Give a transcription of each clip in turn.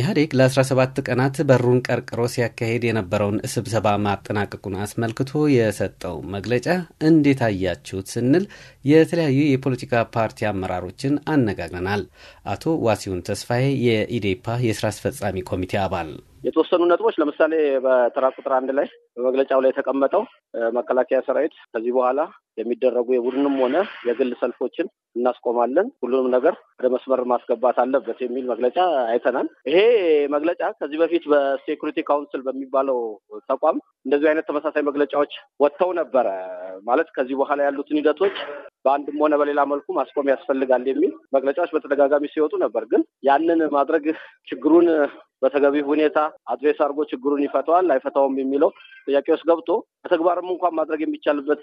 ኢህአዴግ ለ17 ቀናት በሩን ቀርቅሮ ሲያካሄድ የነበረውን ስብሰባ ማጠናቀቁን አስመልክቶ የሰጠው መግለጫ እንዴት አያችሁት ስንል የተለያዩ የፖለቲካ ፓርቲ አመራሮችን አነጋግረናል። አቶ ዋሲሁን ተስፋዬ የኢዴፓ የስራ አስፈጻሚ ኮሚቴ አባል የተወሰኑ ነጥቦች ለምሳሌ በተራ ቁጥር አንድ ላይ በመግለጫው ላይ የተቀመጠው መከላከያ ሰራዊት ከዚህ በኋላ የሚደረጉ የቡድንም ሆነ የግል ሰልፎችን እናስቆማለን፣ ሁሉንም ነገር ወደ መስመር ማስገባት አለበት የሚል መግለጫ አይተናል። ይሄ መግለጫ ከዚህ በፊት በሴኩሪቲ ካውንስል በሚባለው ተቋም እንደዚህ አይነት ተመሳሳይ መግለጫዎች ወጥተው ነበረ። ማለት ከዚህ በኋላ ያሉትን ሂደቶች በአንድም ሆነ በሌላ መልኩ ማስቆም ያስፈልጋል የሚል መግለጫዎች በተደጋጋሚ ሲወጡ ነበር። ግን ያንን ማድረግ ችግሩን በተገቢ ሁኔታ አድሬስ አድርጎ ችግሩን ይፈተዋል አይፈታውም የሚለው ጥያቄ ውስጥ ገብቶ በተግባርም እንኳን ማድረግ የሚቻልበት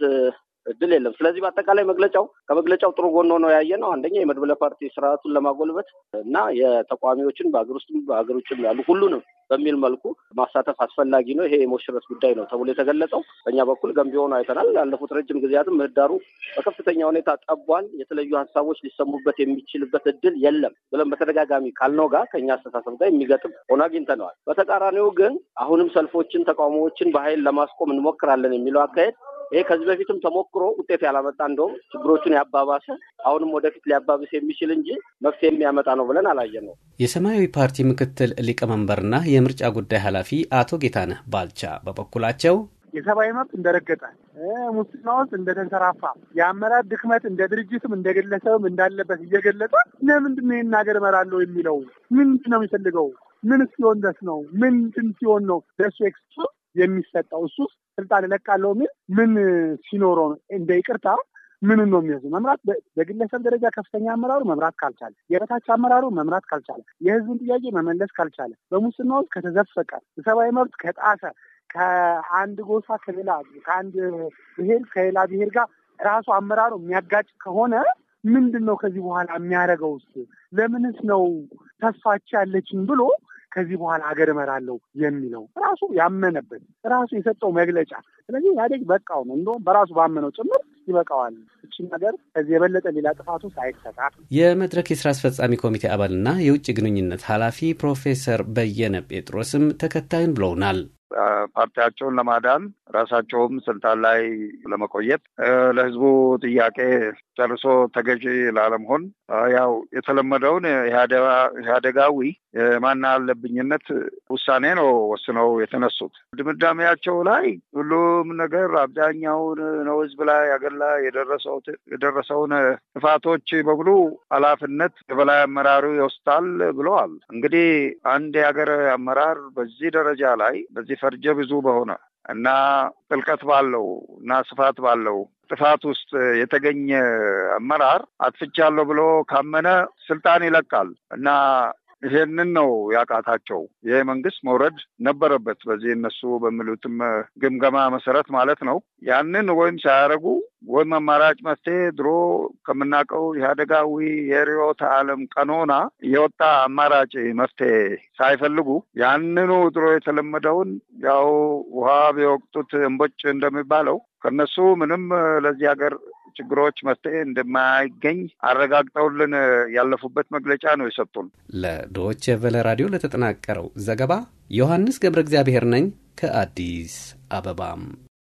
እድል የለም። ስለዚህ በአጠቃላይ መግለጫው ከመግለጫው ጥሩ ጎን ሆኖ ያየ ነው። አንደኛ የመድበለ ፓርቲ ስርዓቱን ለማጎልበት እና የተቋሚዎችን በሀገር ውስጥም በሀገር ውጭም ያሉ ሁሉንም በሚል መልኩ ማሳተፍ አስፈላጊ ነው። ይሄ የሞሽረስ ጉዳይ ነው ተብሎ የተገለጸው በእኛ በኩል ገንቢ ሆኖ አይተናል። ያለፉት ረጅም ጊዜያትም ምህዳሩ በከፍተኛ ሁኔታ ጠቧል። የተለዩ ሀሳቦች ሊሰሙበት የሚችልበት እድል የለም ብለን በተደጋጋሚ ካልነው ጋር ከእኛ አስተሳሰብ ጋር የሚገጥም ሆኖ አግኝተነዋል። በተቃራኒው ግን አሁንም ሰልፎችን፣ ተቃውሞዎችን በኃይል ለማስቆም እንሞክራለን የሚለው አካሄድ ይሄ ከዚህ በፊትም ተሞክሮ ውጤት ያላመጣ እንደውም ችግሮቹን ያባባሰ አሁንም ወደፊት ሊያባብስ የሚችል እንጂ መፍትሄ የሚያመጣ ነው ብለን አላየ ነው። የሰማያዊ ፓርቲ ምክትል ሊቀመንበርና የምርጫ ጉዳይ ኃላፊ አቶ ጌታነህ ባልቻ በበኩላቸው የሰብአዊ መብት እንደረገጠ ሙስና ውስጥ እንደተንሰራፋ የአመራር ድክመት እንደ ድርጅትም እንደ ግለሰብም እንዳለበት እየገለጠ ለምንድን ነው ይህን ሀገር እመራለሁ የሚለው? ምንድን ነው የሚፈልገው? ምን ሲሆን ደስ ነው? ምንድን ሲሆን ነው ደሱ ኤክስ የሚሰጠው? እሱ ስልጣን እለቃለሁ የሚል ምን ሲኖረው እንደ ይቅርታ ምኑን ነው የሚያዝ መምራት በግለሰብ ደረጃ ከፍተኛ አመራሩ መምራት ካልቻለ፣ የበታች አመራሩ መምራት ካልቻለ፣ የህዝብን ጥያቄ መመለስ ካልቻለ፣ በሙስና ውስጥ ከተዘፈቀ፣ የሰብአዊ መብት ከጣሰ፣ ከአንድ ጎሳ ከሌላ ከአንድ ብሔር ከሌላ ብሔር ጋር ራሱ አመራሩ የሚያጋጭ ከሆነ ምንድን ነው ከዚህ በኋላ የሚያደርገው? ውስጥ ለምንስ ነው ተስፋች ያለችን ብሎ ከዚህ በኋላ ሀገር እመራለሁ የሚለው ራሱ ያመነበት ራሱ የሰጠው መግለጫ። ስለዚህ ኢህአዴግ በቃው ነው እንደውም በራሱ ባመነው ጭምር ይበቃዋል እቺን ነገር ከዚህ የበለጠ ሌላ ጥፋቱ ሳይሰጣ የመድረክ የስራ አስፈጻሚ ኮሚቴ አባልና የውጭ ግንኙነት ኃላፊ ፕሮፌሰር በየነ ጴጥሮስም ተከታዩን ብለውናል። ፓርቲያቸውን ለማዳን ራሳቸውም ስልጣን ላይ ለመቆየት ለህዝቡ ጥያቄ ጨርሶ ተገዢ ላለመሆን ያው የተለመደውን ኢህአደጋዊ የማና አለብኝነት ውሳኔ ነው ወስነው የተነሱት። ድምዳሜያቸው ላይ ሁሉም ነገር አብዛኛውን ነው ህዝብ ላይ አገር የደረሰውን ጥፋቶች በሙሉ ኃላፊነት የበላይ አመራሩ ይወስዳል ብለዋል። እንግዲህ አንድ የሀገር አመራር በዚህ ደረጃ ላይ በዚህ ፈርጀ ብዙ በሆነ እና ጥልቀት ባለው እና ስፋት ባለው ጥፋት ውስጥ የተገኘ አመራር አጥፍቻለሁ ብሎ ካመነ ስልጣን ይለቃል እና ይሄንን ነው ያቃታቸው። ይሄ መንግስት መውረድ ነበረበት፣ በዚህ እነሱ በሚሉትም ግምገማ መሰረት ማለት ነው። ያንን ወይም ሳያደርጉ ወይም አማራጭ መፍትሄ ድሮ ከምናውቀው የአደጋዊ የርዕዮተ ዓለም ቀኖና የወጣ አማራጭ መፍትሄ ሳይፈልጉ ያንኑ ድሮ የተለመደውን ያው ውሃ ቢወቅጡት እምቦጭ እንደሚባለው ከነሱ ምንም ለዚህ ሀገር ችግሮች መፍትሄ እንደማይገኝ አረጋግጠውልን ያለፉበት መግለጫ ነው የሰጡን። ለዶይቼ ቬለ ራዲዮ ለተጠናቀረው ዘገባ ዮሐንስ ገብረ እግዚአብሔር ነኝ ከአዲስ አበባም